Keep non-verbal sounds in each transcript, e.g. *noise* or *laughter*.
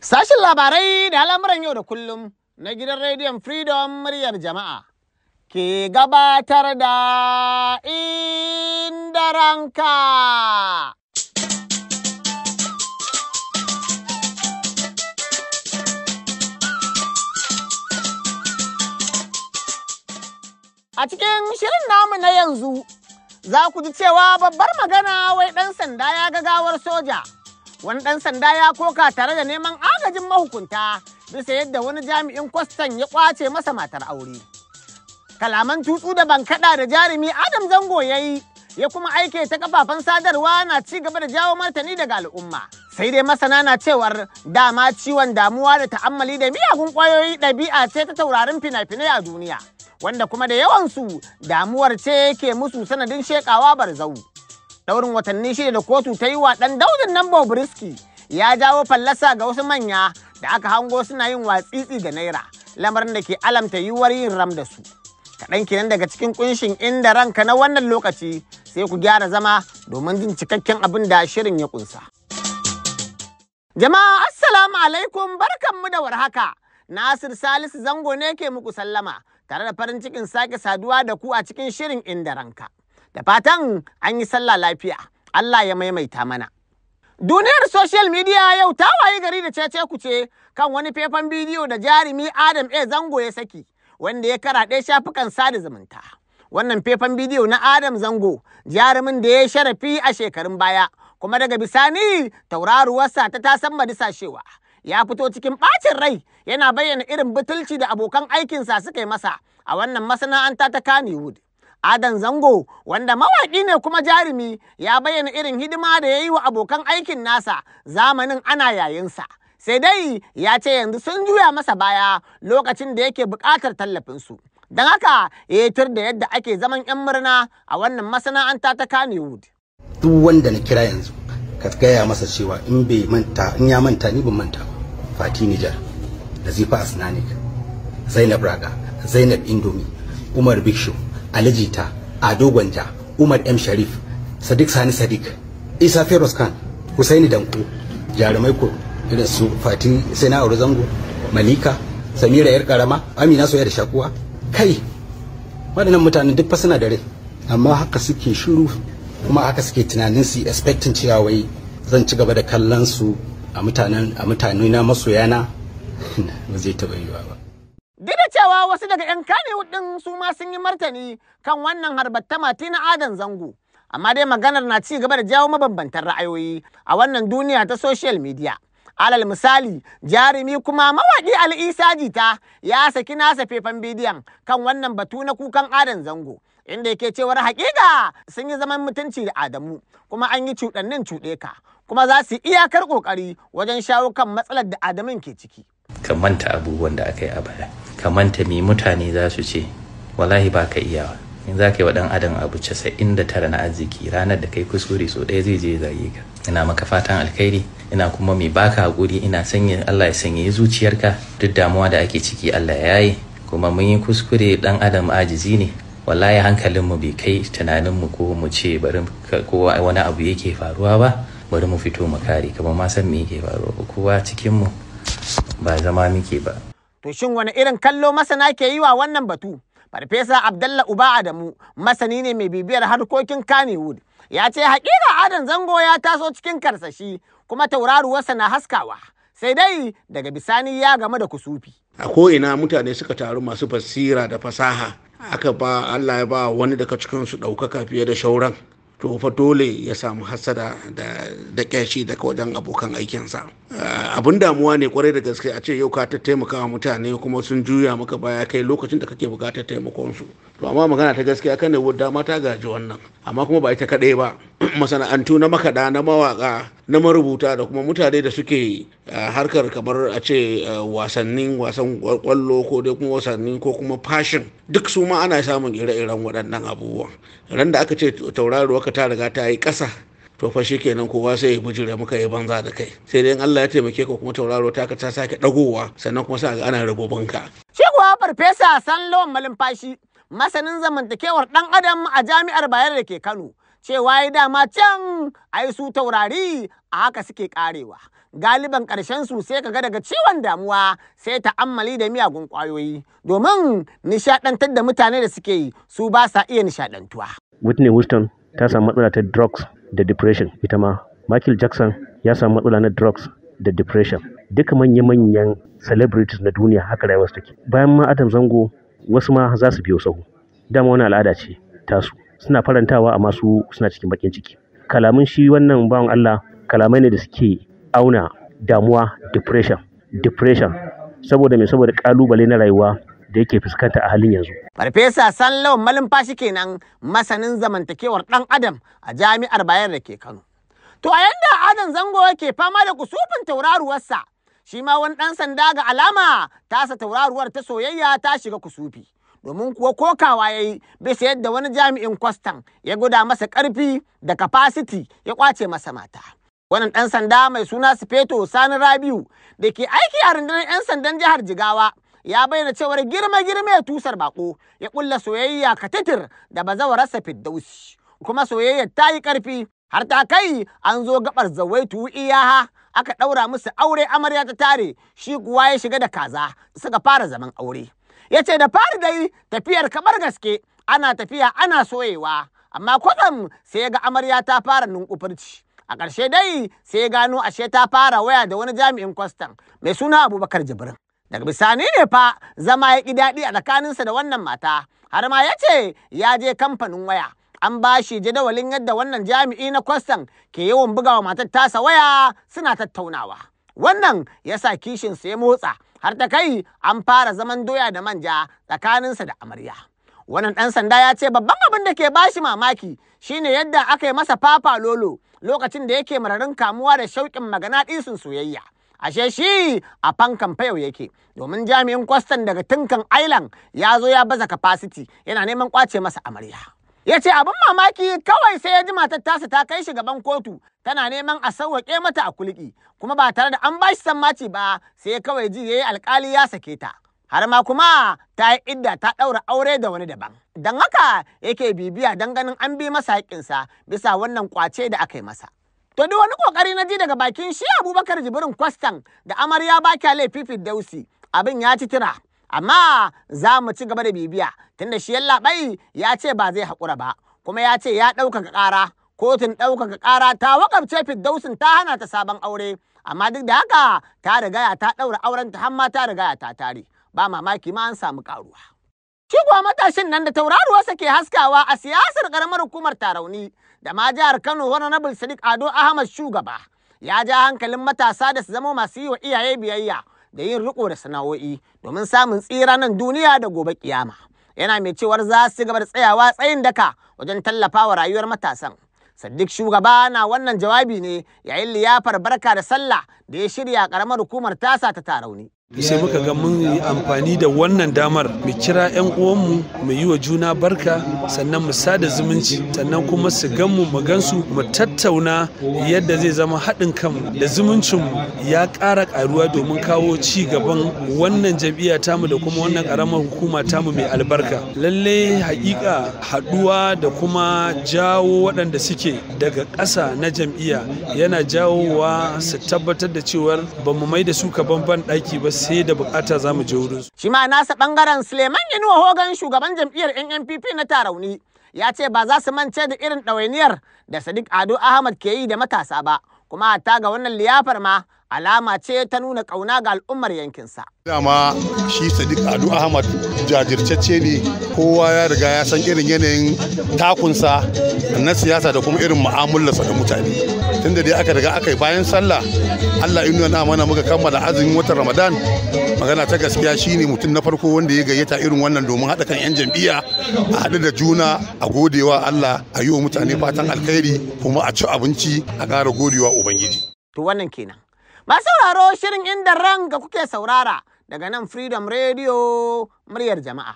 Sashin labarai da al'amuran yau da kullum na gidan rediyon Freedom muryar jama'a ke gabatar da inda ranka. A cikin shirin namu na yanzu, za ku ji cewa babbar magana wai ɗan sanda ya ga gawar soja. wani ɗan sanda ya koka tare da neman agajin mahukunta bisa yadda wani jami'in kwastan ya ƙwace masa matar aure kalaman tutsu da bankaɗa da jarumi adam zango ya yi ya kuma aike ta kafafen sadarwa na ci gaba da jawo martani daga al'umma sai dai masana na cewar dama ciwon damuwa da ta'ammali da miyagun ƙwayoyi ɗabi'a ce ta taurarin fina-finai a duniya wanda kuma da yawansu damuwar ce ke musu sanadin shekawa barzau Daurin watanni shida da kotu ta yi wa ɗan daudin nan bobriski ya jawo fallasa ga wasu manya da aka hango suna yin watsitsi ga naira lamarin da ke alamta yiwuwar yin ram da su. Kaɗan kenan daga cikin kunshin inda ranka na wannan lokaci sai ku gyara zama domin jin cikakken abin da shirin ya kunsa. Jama'a Assalamu alaikum barkanmu da warhaka. Nasir Salisu Zango ne ke muku sallama tare da farin cikin sake saduwa da ku a cikin shirin inda ranka. Da fatan an yi sallah lafiya, Allah ya maimaita mana. Duniyar social media yau ta wayi gari da cece ce kan wani faifan bidiyo da jarumi Adam A. Zango ya saki, wanda ya karaɗe shafukan sada zumunta. Wannan faifan bidiyo na Adam Zango, jarumin da ya sharafi a shekarun baya, kuma daga bisani tauraruwarsa ta tasan madisashewa. Ya fito cikin ɓacin rai yana bayyana irin butulci da abokan aikinsa suka yi masa a wannan masana'anta ta Kannywood. Adan Zango wanda mawaƙi ne kuma jarumi ya bayyana irin hidima da ya yi wa abokan aikin nasa zamanin ana yayinsa. Sai dai ya ce yanzu sun juya masa baya lokacin da yake buƙatar tallafinsu. Don haka ya tur da yadda ake zaman 'yan murna a wannan masana'anta ta Kannywood. Duk wanda na kira yanzu ka gaya masa cewa in bai manta in ya manta ni ban manta Fati Nijar, Nazifa Asnanik, Zainab Raga, Zainab Indomi, Umar Bikshu, alijita ado gwanja umar m sharif sadiq sani sadiq isa feroz khan husaini danko jarumai ko irin su fatin sai na auri zango malika samira yar karama amina soya da shakuwa kai waɗannan mutanen duk fa suna da rai amma haka suke shiru kuma haka suke tunanin su expecting cewa wai zan ci gaba da kallon su a mutanen a mutane na masoyana *laughs* ba zai taɓa yiwa ba cewa wasu daga 'yan kane ɗin su ma sun yi martani kan wannan harbatta mati na Adan Zango. Amma dai maganar na ci gaba da jawo mabambantan ra'ayoyi a wannan duniya ta social media. Alal misali, jarumi kuma mawaƙi Al'isa Jita ya saki nasa fefan bidiyon kan wannan batu na kukan Adan Zango. Inda yake cewar haƙiƙa sun yi zaman mutunci da Adamu kuma an yi cuɗannin cuɗe ka kuma za su iyakar ƙoƙari wajen shawo kan matsalar da Adamin ke ciki. Ka manta abubuwan da aka yi a baya. Kamanta manta mutane za su ce wallahi ba ka iyawa in za ka yi wa ɗan adam abu casa'in da tara na arziki ranar da kai kuskure so ɗaya zai je zage ka ina maka fatan alkhairi ina kuma mai baka hakuri, ina sanya allah ya sanya zuciyarka duk damuwa da ake ciki allah ya yi kuma mun yi kuskure ɗan adam ajizi ne wallahi hankalinmu bai kai tunaninmu ko mu ce bari ko wani abu yake faruwa ba bari mu fito mu kare kamar ma san me yake faruwa kowa cikinmu ba zama muke ba To shin wani irin kallo masana ke yi wa wannan batu? Farfesa Abdalla Uba Adamu masani ne mai bibiyar harkokin Kannywood ya ce haƙiƙa Adam Zango ya taso cikin karsashi kuma tauraruwarsa na haskawa sai dai daga bisani ya game da kusufi. A ko'ina mutane suka taru masu basira da fasaha aka ba Allah ya ba wani daga cikinsu ɗaukaka fiye da shauran. to fa dole ya samu hasada da kyashi daga wajen abokan aikinsa eh, abin damuwa ne kwarai da gaske a ce yau ka ta taimaka mutane kuma sun juya maka baya kai lokacin da kake bukatar taimakon su to amma magana ta gaskiya kan da dama ta gaji wannan amma kuma ba ita kaɗai ba *clears throat* masana'antu na makaɗa na mawaƙa na marubuta da kuma mutane da suke eh, harkar kamar a ce eh, wasannin wasan kwallo ko dai kuma wasannin ko kuma fashin duk su ma ana samun ire-iren waɗannan abubuwan ran da aka ce tauraruwa ka ta riga ta yi ƙasa to fa kenan kowa sai ya bujire muka yi banza da kai sai dai Allah ya taimake ka kuma tauraro ta ka ta sake dagowa sannan kuma sai ga ana ragobin shi kuwa farfesa malin fashi. masanin zamantakewar ɗan adam a jami'ar bayar da ke kano cewa ya dama can yi su taurari a haka suke karewa galiban ƙarshen su sai kaga daga ciwon damuwa sai ta'ammali da miyagun ƙwayoyi domin nishaɗantar da mutane da suke yi su ba sa iya nishaɗantuwa. Whitney Houston ta samu matsala ta drugs da depression ita ma Michael Jackson ya samu matsala na drugs da depression duka manya-manyan celebrities na duniya haka rayuwarsu take bayan ma Adam Zango wasu ma za su biyo sahu dama wani al'ada ce tasu suna farantawa amma su suna cikin bakin ciki kalaman shi wannan bawan Allah kalamai ne da suke auna damuwa depression depression saboda me saboda kalubale na rayuwa da yake fuskanta a halin yanzu. Farfesa Sallau Malumfashi kenan masanin zamantakewar ɗan Adam a jami'ar bayan da ke Kano. To a yanda Adam Zango yake fama da kusufin tauraruwarsa shi ma wani ɗan sanda ga alama tasa tauraruwar ta soyayya ta shiga kusufi domin kuwa kokawa ya yi bisa yadda wani jami'in kwastan ya guda masa ƙarfi da kafasiti ya ƙwace masa mata Wani ɗan sanda mai suna sifeto sani rabiu da ke aiki a rundunar 'yan sandan jihar jigawa ya bayyana cewar girma girma ya tusar bako ya ƙulla soyayya katitir da bazawararsa fiddausi kuma soyayyar ta yi ƙarfi har ta kai an zo gabar zawaitu iyaha aka ɗaura musu aure amarya ta tare shi kuwa ya shiga da kaza suka fara zaman aure ya ce da fari dai tafiyar kamar gaske ana tafiya ana soyewa amma kwatsam sai ya ga amarya ta fara nunkufurci a ƙarshe dai sai ya gano ashe ta fara waya da wani jami'in kwastan. mai suna abubakar jibrin daga bisani ne fa zama ya ƙi daɗi a tsakaninsa da wannan mata har ma ya ce ya je kamfanin waya an ba shi jadawalin yadda wannan jami'i na kwastan ke yawan bugawa matar tasa waya suna tattaunawa wannan ya sa su ya motsa har ta kai an fara zaman doya da manja tsakaninsa da amarya wannan ɗan sanda ya ce babban abin da ke ba shi mamaki shine yadda aka yi masa fafa lolo lokacin da yake mararin kamuwa da shauƙin magana ɗisin soyayya ashe shi a fankan fayau yake domin jami'in kwastan daga tinkan island ya zo ya baza capacity yana neman kwace masa amarya ya ce abin mamaki kawai sai ya ji matar tasa ta kai shi gaban kotu tana neman a sauwaƙe mata a kulki kuma ba tare da an ba shi sammaci ba sai kawai ji ya yi alƙali ya sake ta har ma kuma ta yi idda ta ɗaura aure da wani daban don haka yake bibiya don ganin an bi masa haƙƙinsa bisa wannan kwace da aka yi masa To duk wani ƙoƙari na ji daga bakin shi Abubakar Jibrin Kwastan da amarya bakya laifi laififin abin ya ci tira amma za mu ci gaba da bibiya tunda shi ya ce ba zai haƙura ba kuma ya ce ya ɗaukaka ƙara kotun ɗaukaka ƙara ta wakabce fiddausin ta hana ta sabon aure amma duk da haka ta rigaya ta ɗaura auren ta hamma ta rigaya ta tare ba mamaki ma an samu ƙaruwa. Shi kuwa matashin nan da tauraruwarsa ke haskawa a siyasar ƙaramar hukumar Tarauni da ma jihar Kano Honorable Sadiq Ado Ahmad shugaba ya ja hankalin matasa da su zama masu yi wa iyaye biyayya da yin riko da sana'o'i domin samun tsira nan duniya da gobe kiyama yana mai cewar za su gaba da tsayawa tsayin daka wajen tallafawa rayuwar matasan Saddik shugaba na wannan jawabi ne yayin liyafar barka da sallah da ya shirya karamar hukumar tasa ta tarauni. sai muka ga mun yi amfani da wannan damar mu kira 'yan uwanmu mu yi wa juna barka sannan mu sada zumunci sannan kuma su ganmu mu gansu mu tattauna yadda zai zama haɗin kan da zumuncinmu ya ƙara ƙaruwa domin kawo ci gaban wannan jam'iyya tamu da kuma wannan ƙaramar hukuma tamu mai albarka lalle haƙiƙa haɗuwa da kuma jawo waɗanda suke daga ƙasa na jam'iyya yana jawowa su tabbatar da cewar ba mu mai da su ka banban ɗaki ba sai da bukata za mu je wurin su. Shi ma nasa bangaren Suleiman Yanuwa Hogan shugaban jam'iyyar NNPP na Tarauni ya ce ba za su mance da irin ɗawainiyar da Sadiq Ado Ahmad ke yi da matasa ba kuma ta ga wannan liyafar ma alama ce ta nuna kauna ga al'ummar yankinsa. Dama shi Sadiq Adu Ahmad jajirtacce ne kowa ya riga ya san irin yanayin takunsa na siyasa da kuma irin mu'amalarsa da mutane. Tunda dai aka riga aka yi bayan sallah Allah inu na mana muka kammala azumin watan Ramadan magana ta gaskiya shine mutum na farko wanda ya gayyata irin wannan domin haɗa kan 'yan jam'iyya a haɗu da juna a godewa Allah a yi wa mutane fatan alkhairi kuma a ci abinci a ƙara godewa Ubangiji. To wannan kenan. Masu sauraro shirin inda ran ga kuke saurara daga nan Freedom Radio muryar jama'a.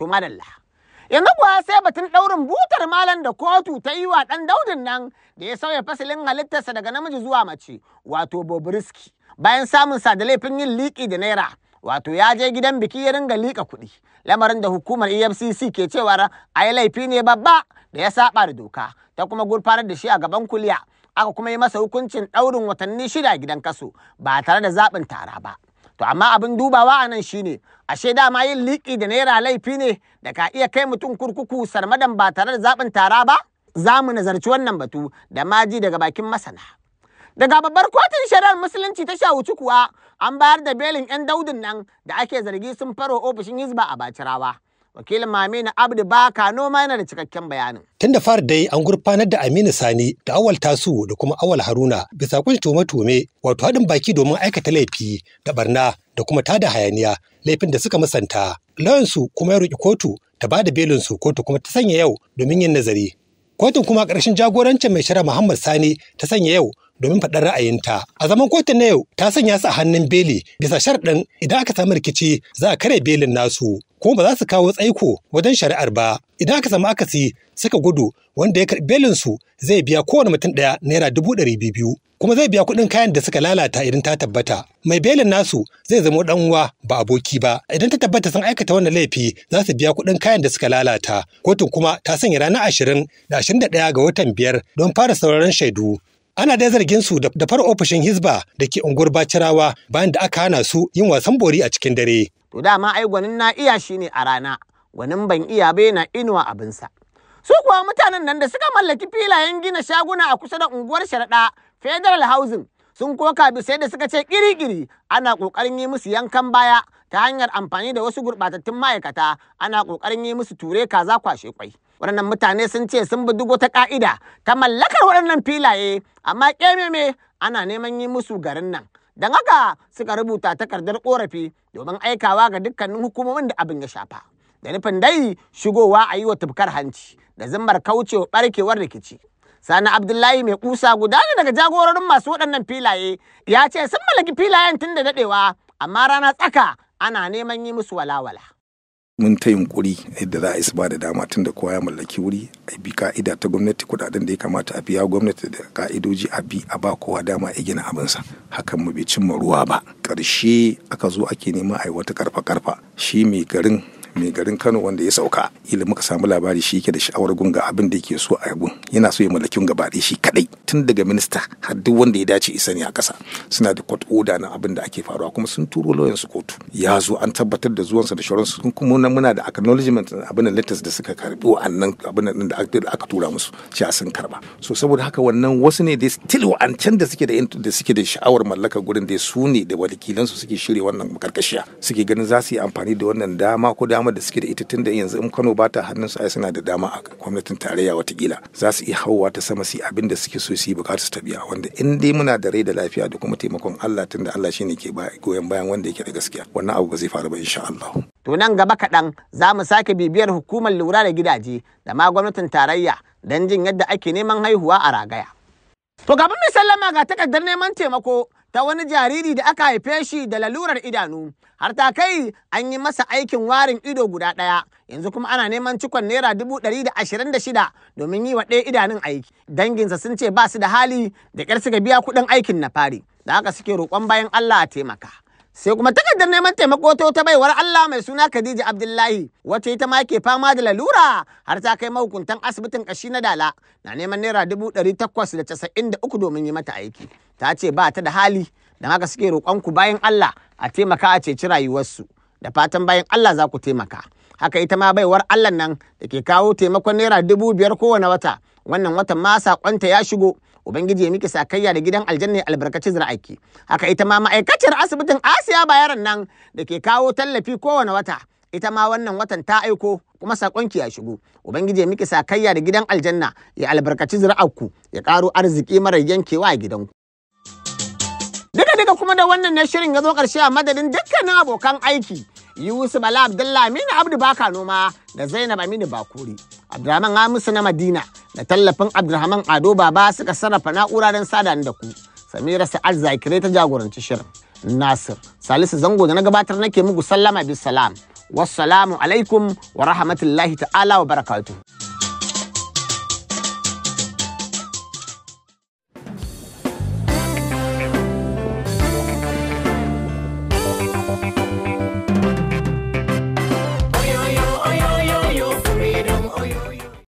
To madalla. Yanzu kuwa sai batun ɗaurin butar malam da kotu ta yi wa ɗan daudin nan da ya sauya fasalin halittarsa daga namiji zuwa mace wato bobriski, bayan samun sa da laifin yin liƙi da naira wato ya je gidan biki ya ringa liƙa kuɗi lamarin da hukumar efcc ke cewa a yi laifi ne babba da ya saba da doka ta kuma gurfanar da shi a gaban kuliya aka kuma yi masa hukuncin ɗaurin watanni shida gidan kaso ba tare da zaɓin tara ba to amma abin dubawa anan shine ashe dama yin liƙi da naira laifi ne da ka iya kai mutum kurkuku sarmadan ba tare da zaɓin tara ba za mu nazarci wannan batu da maji daga bakin masana. Daga babbar kotun shari'ar musulunci ta sha wuci kuwa an bayar da belin 'yan daudin nan da ake zargi sun faro ofishin hizba a Bacirawa. wakilin Maminu Abdu Baka noma yana da cikakken bayanin. Tun da fara dai an gurfanar da Aminu Sani da Awal Tasu da kuma Awal Haruna bisa kun tume-tume wato haɗin baki domin aikata laifi da barna da kuma tada hayaniya laifin da suka musanta. Lawansu kuma ya roƙi kotu ta ba da belinsu kotu kuma ta sanya yau domin yin nazari. Kotun kuma ƙarshen jagorancin mai shara Muhammad Sani ta sanya yau domin faɗar ra'ayinta. A zaman kotu na yau ta sanya su a hannun beli bisa sharɗin idan aka samu rikici za a kare belin nasu kuma ba za su kawo tsaiko wajen shari'ar ba. Idan aka samu akasi suka gudu wanda ya karɓi su zai biya kowane mutum ɗaya naira dubu ɗari biyu. kuma zai biya kuɗin kayan da suka lalata idan ta tabbata. Mai belin nasu zai zama ɗan uwa ba aboki ba. Idan ta tabbata sun aikata wannan laifi za su biya kuɗin kayan da suka lalata. Kotun kuma ta sanya ranar ashirin da ashirin da ɗaya ga watan biyar don fara sauraron shaidu. ana dai zargin su da far ofishin hizba da ke unguwar bacirawa bayan da aka hana su yin wasan bori a cikin dare to dama ai gwanin na iya shi ne a rana gwanin ban iya bai na inuwa abinsa su kuwa mutanen nan da suka mallaki filayen gina shaguna a kusa da unguwar sharaɗa federal housing sun koka sai da suka ce kiri-kiri ana ƙoƙarin yi musu yankan baya ta hanyar amfani da wasu gurɓatattun ma'aikata ana ƙoƙarin yi musu ture kaza kwashe kwai waɗannan mutane sun ce sun bi duk wata ƙa'ida ta mallakar waɗannan filaye amma ƙememe ana neman yi musu garin nan don haka suka rubuta takardar ƙorafi domin aikawa ga dukkanin hukumomin da abin ya shafa da nufin dai shigowa a yi wa tufkar hanci da zimmar kaucewa ɓarkewar rikici sani abdullahi mai kusa guda ne daga jagororin masu waɗannan filaye ya ce sun mallaki filayen tun da daɗewa amma rana tsaka ana neman yi musu walawala. mun ta yunkuri yadda za a isa ba da dama tun da kowa ya mallaki wuri a bi ka'ida ta gwamnati kudaden da ya kamata a biya gwamnati da ka'idoji a bi a ba kowa dama a gina abinsa hakan mu bai cimma ruwa ba ƙarshe aka zo ake nema a yi wata karfa karfa shi mai garin mai garin kano wanda ya sauka ila muka samu labari shi yake da sha'awar gunga abin da yake so a gun yana so ya mallaki gaba ɗaya shi kadai tun daga minista har duk wanda ya dace isa ne a kasa suna da court order na abin da ake faruwa kuma sun turo lawyer su kotu ya zo an tabbatar da zuwansa da shawaran su kuma muna da acknowledgement abin da letters da suka karbi wa'annan abin da aka tura musu cewa sun karba so saboda haka wannan wasu ne dai still wa'ancan da suke da da suke da sha'awar mallakar gurin da su ne da su suke shirya wannan karkashiya suke ganin za su yi amfani da wannan dama ko dama dama da suke da ita tunda yanzu in Kano ba ta hannun su ai suna da dama a gwamnatin tarayya watakila za su iya hauwa ta sama su abin da suke so su yi bukatu su ta biya wanda in dai muna da rai da lafiya da kuma taimakon Allah tunda Allah shine ke goyon bayan wanda yake da gaskiya wannan abu ba zai faru ba insha Allah. To nan gaba kaɗan za mu sake bibiyar hukumar lura da gidaje da ma gwamnatin tarayya don jin yadda ake neman haihuwa a ragaya. To kafin mai sallama ga takardar neman taimako ta wani jariri da aka haife shi da lalurar idanu har ta kai an yi masa aikin warin ido guda ɗaya yanzu kuma ana neman cikon naira dubu ɗari da ashirin da shida domin yi wa ɗaya idanun aiki danginsa sun ce ba su da hali da ƙyar suka biya kuɗin aikin na fari da haka suke roƙon bayan Allah a taimaka. sai kuma takardar neman taimako ta wata baiwar Allah mai suna Khadija Abdullahi wacce ita ma ke fama da lalura har ta kai mahukuntan asibitin kashi na Dala na neman naira dubu ɗari takwas da casa'in da uku domin yi mata aiki ta ce ba ta da hali da haka suke roƙon ku bayan Allah a taimaka a ceci rayuwarsu da fatan bayan Allah za ku taimaka haka ita ma baiwar Allah nan da ke kawo taimakon naira dubu biyar kowane wata wannan watan ma saƙonta ya shigo ubangiji ya miki sakayya da gidan aljanna ya albarkaci zira'aiki. haka ita ma ma'aikaciyar asibitin asiya bayaran nan da ke kawo tallafi kowane wata ita ma wannan watan ta aiko kuma sakonki ya shigo ubangiji ya miki sakayya da gidan aljanna ya albarkaci zira'arku ya karo arziki mara yankewa a gidanku duka duka kuma da wannan na shirin ya zo karshe a madadin dukkanin abokan aiki yusuf bala abdullahi aminu abdu baka noma da zainab aminu bakuri Abdurrahman Hamisu na Madina da tallafin Abdurrahman Ado Baba suka sarrafa na'ura don sada da ku. Samira Sa'ad Zakirai ta jagoranci shirin. Nasir Salisu Zango da na gabatar nake muku sallama bis salam. Wassalamu alaikum wa rahmatullahi ta'ala wa barakatu.